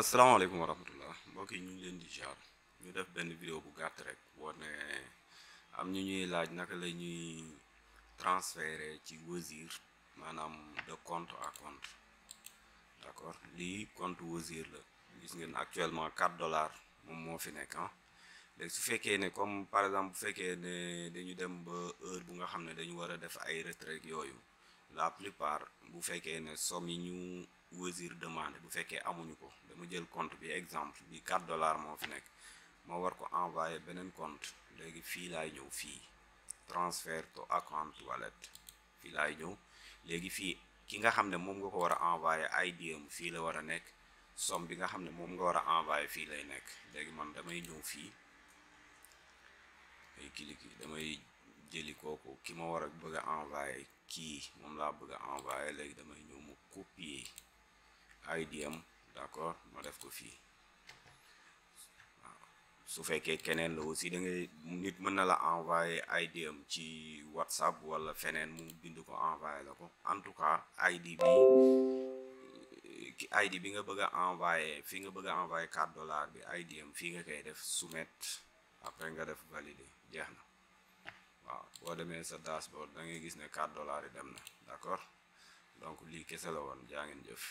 asalaamaaleykum wa rahmatullah mbokk yi ñu ngi leen di jaar ñu def benn vidéo bu gàtt rek wane am ñu ñuy laaj naka la ñuy transférer ci Wozur maanaam de compte à compte d' accord lii compte Wozur la gis ngeen actuellement 4 dollars moom moo fi nekk ah léegi su fekkee ne comme par exemple bu fekkee ne dañu dem ba heure bu nga xam ne dañu war a def ay retrait yooyu la plupart bu fekkee ne somme yi ñu wésir demande bu fekkee amuñu ko dama jël compte bi exemple bi 4 dollars moo fi nekk ma war ko envoyé beneen compte léegi fii laay ñëw fii transfert to account wallet fii laay ñëw léegi fii ki nga xam ne moom nga ko war a envoyé IDM fii la war a nekk somme bi nga xam ne moom nga war a envoyé fii lay nekk léegi man damay ñëw fii ay kiliki damay jëli kooku ki ma war a bëgg a envoyé kii moom laa bëgg a envoyé léegi damay ñëw mu copier id am d'accord ma def ko fii waaw su fekkee keneen la aussi da ngay nit mën na la envoyé id am ci whatsapp wala feneen mu bind ko envoyé la ko en tout cas id bi id bi nga bëgg a envoyer fii nga bëgg envoyé envoyer 4 bi id am fii nga koy def soumettre après nga def valider jeex na waaw boo demee sa dashboard da ngay gis ne 4 dollars yi dem na d'accord donc lii kese la woon jaa ngeen jëf